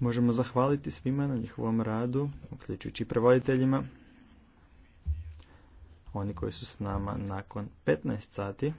Možemo zahvaliti svima na njihovom radu, uključujući prevoditeljima, oni koji su s nama nakon 15 sati.